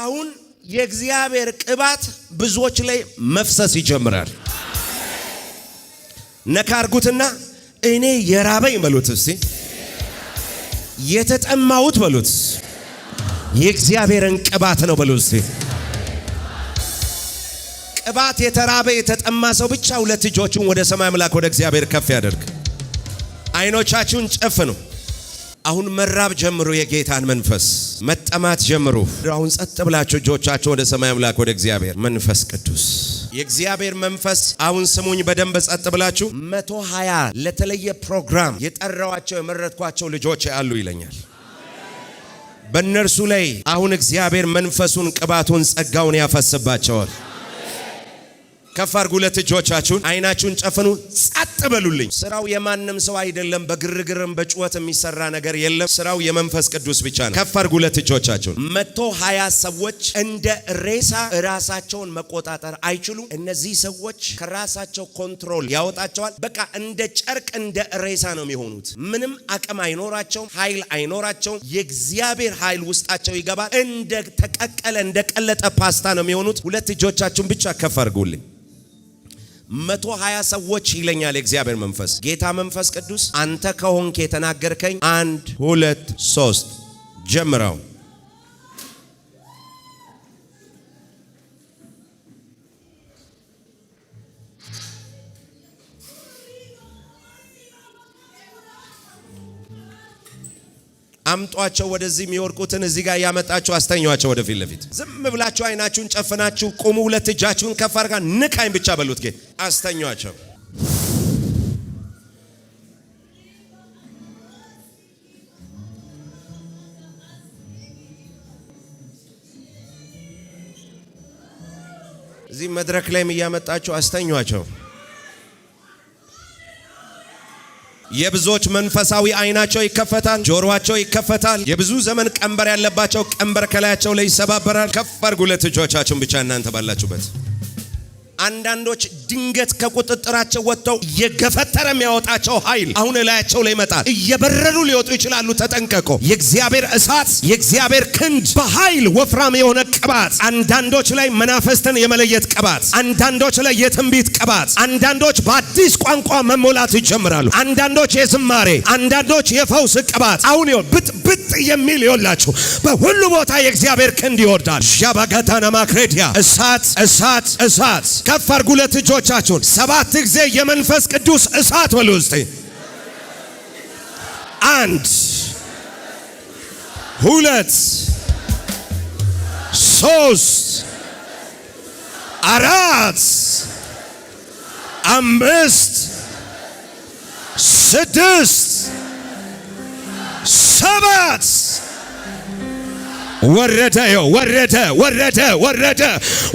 አሁን የእግዚአብሔር ቅባት ብዙዎች ላይ መፍሰስ ይጀምራል። ነካርጉትና እኔ የራበኝ በሉት፣ እስቲ የተጠማሁት በሉት፣ የእግዚአብሔርን ቅባት ነው በሉት። እስቲ ቅባት የተራበ የተጠማ ሰው ብቻ ሁለት እጆቹን ወደ ሰማይ አምላክ ወደ እግዚአብሔር ከፍ ያደርግ። አይኖቻችሁን ጨፍኑ። አሁን መራብ ጀምሩ፣ የጌታን መንፈስ መጠማት ጀምሩ። አሁን ጸጥ ብላችሁ እጆቻችሁ ወደ ሰማይ አምላክ ወደ እግዚአብሔር መንፈስ ቅዱስ የእግዚአብሔር መንፈስ አሁን ስሙኝ በደንብ ጸጥ ብላችሁ። መቶ ሀያ ለተለየ ፕሮግራም የጠራዋቸው የመረጥኳቸው ልጆች ያሉ ይለኛል። በእነርሱ ላይ አሁን እግዚአብሔር መንፈሱን ቅባቱን ጸጋውን ያፈስባቸዋል። ከፍ አድርጉ ሁለት እጆቻችሁን፣ አይናችሁን ጨፍኑ፣ ጸጥ በሉልኝ። ስራው የማንም ሰው አይደለም። በግርግርም በጩኸት የሚሰራ ነገር የለም። ስራው የመንፈስ ቅዱስ ብቻ ነው። ከፍ አድርጉ ሁለት እጆቻችሁን። መቶ ሀያ ሰዎች እንደ ሬሳ ራሳቸውን መቆጣጠር አይችሉም። እነዚህ ሰዎች ከራሳቸው ኮንትሮል ያወጣቸዋል። በቃ እንደ ጨርቅ እንደ ሬሳ ነው የሚሆኑት። ምንም አቅም አይኖራቸውም፣ ኃይል አይኖራቸውም። የእግዚአብሔር ኃይል ውስጣቸው ይገባል። እንደ ተቀቀለ እንደ ቀለጠ ፓስታ ነው የሚሆኑት። ሁለት እጆቻችሁን ብቻ ከፍ አድርጉልኝ። መቶ ሀያ ሰዎች ይለኛል የእግዚአብሔር መንፈስ ጌታ መንፈስ ቅዱስ አንተ ከሆንክ የተናገርከኝ አንድ ሁለት ሶስት ጀምረው አምጧቸው ወደዚህ የሚወርቁትን እዚህ ጋር ያመጣችሁ አስተኛቸው። ወደፊት ለፊት ዝም ብላችሁ አይናችሁን ጨፍናችሁ ቁሙ። ሁለት እጃችሁን ከፍ አድርጋ ንቃኝ ብቻ በሉት። ጌ አስተኛቸው። እዚህ መድረክ ላይም እያመጣችሁ አስተኛቸው። የብዙዎች መንፈሳዊ አይናቸው ይከፈታል፣ ጆሮአቸው ይከፈታል። የብዙ ዘመን ቀንበር ያለባቸው ቀንበር ከላያቸው ላይ ይሰባበራል። ከፍ አድርጉ እጆቻችሁን ብቻ እናንተ ባላችሁበት። አንዳንዶች ድንገት ከቁጥጥራቸው ወጥተው እየገፈተረ የሚያወጣቸው ኃይል አሁን እላያቸው ላይ ይመጣል። እየበረሩ ሊወጡ ይችላሉ። ተጠንቀቆ የእግዚአብሔር እሳት፣ የእግዚአብሔር ክንድ በኃይል ወፍራም የሆነ ቅባት፣ አንዳንዶች ላይ መናፈስትን የመለየት ቅባት፣ አንዳንዶች ላይ የትንቢት ቅባት፣ አንዳንዶች በአዲስ ቋንቋ መሞላት ይጀምራሉ። አንዳንዶች የዝማሬ፣ አንዳንዶች የፈውስ ቅባት። አሁን ይሆን ብጥብጥ የሚል ይሆንላችሁ። በሁሉ ቦታ የእግዚአብሔር ክንድ ይወርዳል። ዣባጋታና ማክሬዲያ እሳት፣ እሳት፣ እሳት። ከፍ አድርጉ እጆቻችሁን ሰባት ጊዜ የመንፈስ ቅዱስ እሳት በሉ ውስጥ አንድ ሁለት ሶስት አራት አምስት ስድስት ሰባት ወረደ ወረደ ወረደ ወረደ።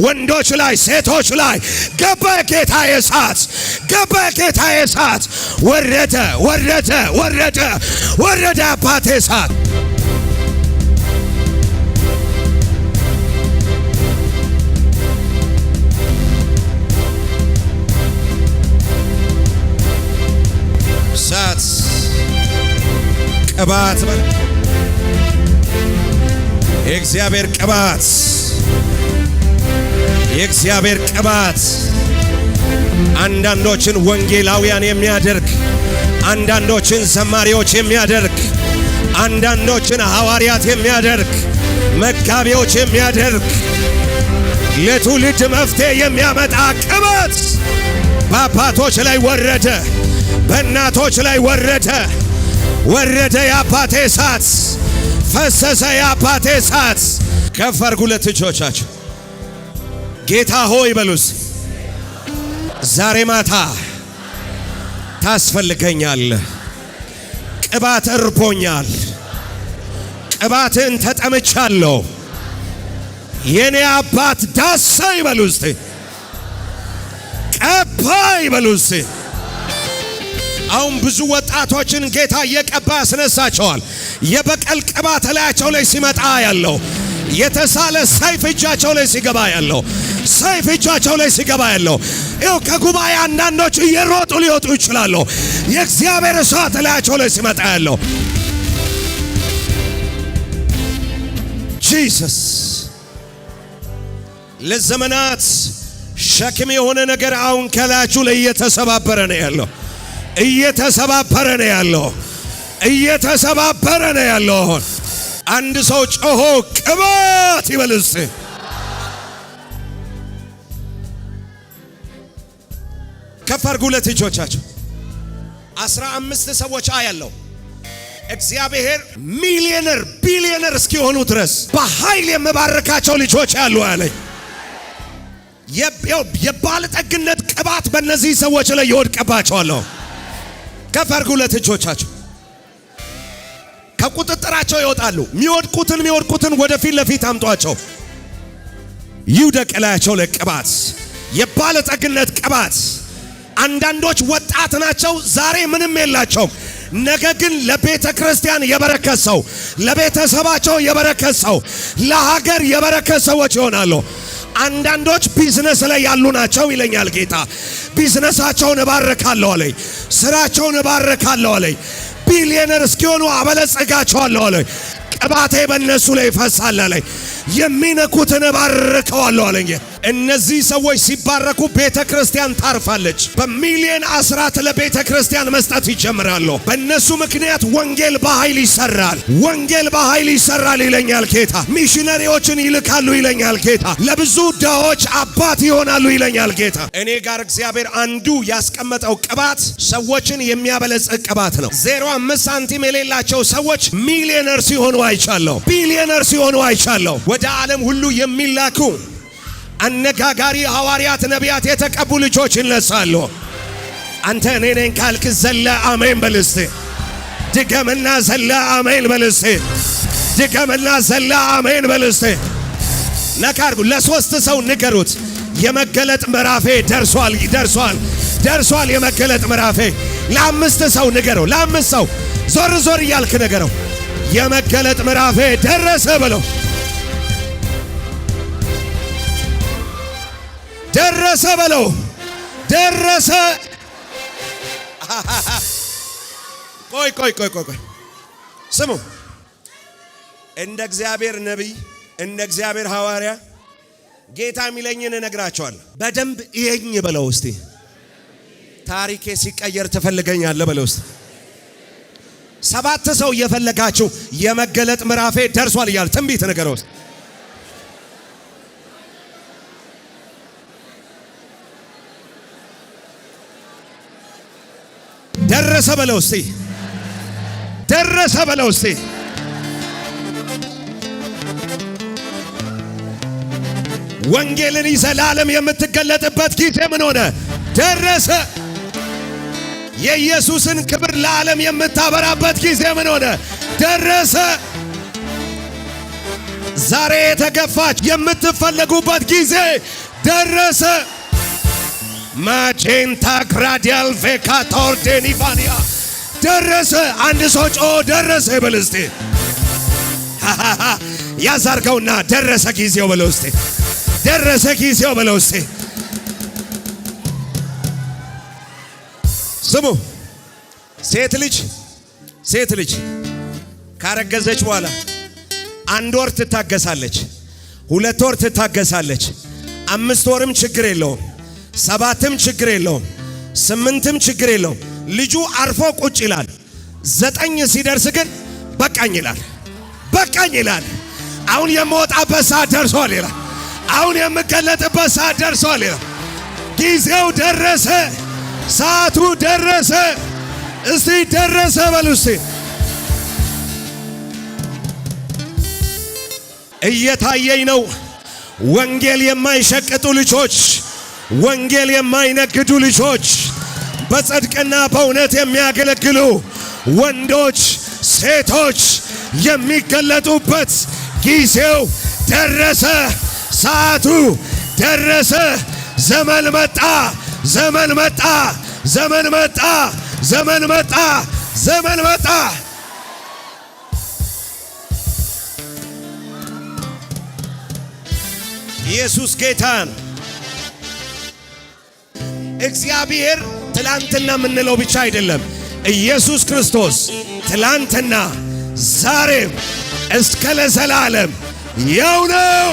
ወንዶች ላይ ሴቶች ላይ ገባ ጌታ የሳት ገባ ጌታ የሳት ወረደ ወረደ ወረደ ወረደ አባቴ ሳት ቅባት የእግዚአብሔር ቅባት የእግዚአብሔር ቅባት አንዳንዶችን ወንጌላውያን የሚያደርግ አንዳንዶችን ዘማሪዎች የሚያደርግ አንዳንዶችን ሐዋርያት የሚያደርግ መጋቢዎች የሚያደርግ ለትውልድ መፍትሄ የሚያመጣ ቅባት በአባቶች ላይ ወረደ፣ በእናቶች ላይ ወረደ። ወረደ የአባቴ እሳት፣ ፈሰሰ የአባቴ እሳት። ከፍ አድርጉ ሁለት እጆቻችሁ ጌታ ሆይ በሉስ። ዛሬ ማታ ታስፈልገኛል። ቅባት እርቦኛል። ቅባትን ተጠምቻለሁ። የኔ አባት ዳሳ ይበሉ እስቲ፣ ቀባ ይበሉ እስቲ። አሁን ብዙ ወ ወጣቶችን ጌታ እየቀባ ያስነሳቸዋል። የበቀል ቅባት ላያቸው ላይ ሲመጣ ያለው የተሳለ ሰይፍ እጃቸው ላይ ሲገባ ያለው ሰይፍ እጃቸው ላይ ሲገባ ያለው ይው ከጉባኤ አንዳንዶቹ እየሮጡ ሊወጡ ይችላሉ። የእግዚአብሔር እሳት ላያቸው ላይ ሲመጣ ያለው ጂሰስ ለዘመናት ሸክም የሆነ ነገር አሁን ከላያችሁ ላይ እየተሰባበረ ነው ያለው። እየተሰባበረ ነው ያለው። እየተሰባበረ ነው ያለው። አንድ ሰው ጮሆ ቅባት ይበልስ። ከፍ አድርጉ ሁለት እጆቻቸው። አስራ አምስት ሰዎች አያለው እግዚአብሔር ሚሊዮነር ቢሊዮነር እስኪሆኑ ድረስ በኃይል የምባርካቸው ልጆች ያሉ አለኝ። የባለጠግነት ቅባት በእነዚህ ሰዎች ላይ ይወድቀባቸዋለሁ። ከፍ አድርጉ እጆቻቸው። ከቁጥጥራቸው ይወጣሉ። የሚወድቁትን የሚወድቁትን ወደፊት ለፊት አምጧቸው። ይውደቅ ላያቸው ለቅባት የባለጠግነት ቅባት። አንዳንዶች ወጣት ናቸው፣ ዛሬ ምንም የላቸውም። ነገ ግን ለቤተ ክርስቲያን የበረከት ሰው፣ ለቤተሰባቸው የበረከት ሰው፣ ለሀገር የበረከት ሰዎች ይሆናሉ። አንዳንዶች ቢዝነስ ላይ ያሉ ናቸው ይለኛል ጌታ። ቢዝነሳቸውን እባርካለሁ አለኝ። ስራቸውን እባርካለሁ አለኝ። ቢሊየነር እስኪሆኑ አበለጸጋቸዋለሁ አለኝ። ቅባቴ በእነሱ ላይ ይፈሳል አለኝ። የሚነኩትን እባርከዋለሁ አለኝ። እነዚህ ሰዎች ሲባረኩ ቤተ ክርስቲያን ታርፋለች። በሚሊየን አስራት ለቤተ ክርስቲያን መስጠት ይጀምራሉ። በእነሱ ምክንያት ወንጌል በኃይል ይሰራል። ወንጌል በኃይል ይሰራል ይለኛል ጌታ። ሚሽነሪዎችን ይልካሉ ይለኛል ጌታ። ለብዙ ድሆች አባት ይሆናሉ ይለኛል ጌታ። እኔ ጋር እግዚአብሔር አንዱ ያስቀመጠው ቅባት ሰዎችን የሚያበለጽግ ቅባት ነው። ዜሮ አምስት ሳንቲም የሌላቸው ሰዎች ሚሊየነር ሲሆኑ አይቻለሁ። ቢሊዮነር ሲሆኑ አይቻለሁ። ወደ ዓለም ሁሉ የሚላኩ አነጋጋሪ ሐዋርያት፣ ነቢያት የተቀቡ ልጆች ይነሳሉ። አንተ እኔ ነኝ ካልክ ዘለ አሜን በልስቴ ድገምና ዘለ አሜን በልስቴ ድገምና ዘለ አሜን በልስቴ ነካርጉ። ለሶስት ሰው ንገሩት። የመገለጥ ምዕራፌ ደርሷል፣ ደርሷል፣ ደርሷል። የመገለጥ ምዕራፌ ለአምስት ሰው ንገረው። ለአምስት ሰው ዞር ዞር እያልክ ንገረው። የመገለጥ ምዕራፌ ደረሰ ብለው ደረሰ በለው ደረሰ። ቆይ ቆይ ቆይ ቆይ ስሙ። እንደ እግዚአብሔር ነቢይ፣ እንደ እግዚአብሔር ሐዋርያ ጌታ የሚለኝን እነግራቸዋለሁ። በደንብ ይሄኝ በለው እስቲ። ታሪኬ ሲቀየር ትፈልገኛለህ በለው እስቲ። ሰባት ሰው እየፈለጋችሁ የመገለጥ ምዕራፌ ደርሷል እያለ ትንቢት ነገር ውስጥ ደረሰ በለው እስቲ፣ ደረሰ በለው እስቲ። ወንጌልን ይዘ ለዓለም የምትገለጥበት ጊዜ ምን ሆነ? ደረሰ። የኢየሱስን ክብር ለዓለም የምታበራበት ጊዜ ምን ሆነ ደረሰ። ዛሬ የተገፋች የምትፈለጉበት ጊዜ ደረሰ። ማቼንታ ግራዲያል ቬካቶር ዴኒቫኒያ ደረሰ። አንድ ሰው ጮ ደረሰ በል እስቲ ያዛርገውና ደረሰ ጊዜው በል እስቲ ደረሰ ጊዜው በል እስቲ ስሙ። ሴት ልጅ ሴት ልጅ ካረገዘች በኋላ አንድ ወር ትታገሳለች፣ ሁለት ወር ትታገሳለች፣ አምስት ወርም ችግር የለውም፣ ሰባትም ችግር የለውም፣ ስምንትም ችግር የለውም። ልጁ አርፎ ቁጭ ይላል። ዘጠኝ ሲደርስ ግን በቃኝ ይላል፣ በቃኝ ይላል። አሁን የምወጣበት ሰዓት ደርሷል ይላል። አሁን የምገለጥበት ሰዓት ደርሷል ይላል። ጊዜው ደረሰ። ሰዓቱ ደረሰ። እስቲ ደረሰ በሉ እስቲ። እየታየኝ ነው። ወንጌል የማይሸቅጡ ልጆች፣ ወንጌል የማይነግዱ ልጆች፣ በጽድቅና በእውነት የሚያገለግሉ ወንዶች፣ ሴቶች የሚገለጡበት ጊዜው ደረሰ። ሰዓቱ ደረሰ። ዘመን መጣ። ዘመን መጣ፣ ዘመን መጣ፣ ዘመን መጣ፣ ዘመን መጣ። ኢየሱስ ጌታ እግዚአብሔር ትላንትና የምንለው ብቻ አይደለም። ኢየሱስ ክርስቶስ ትላንትና ዛሬም እስከ ለዘላለም ያው ነው።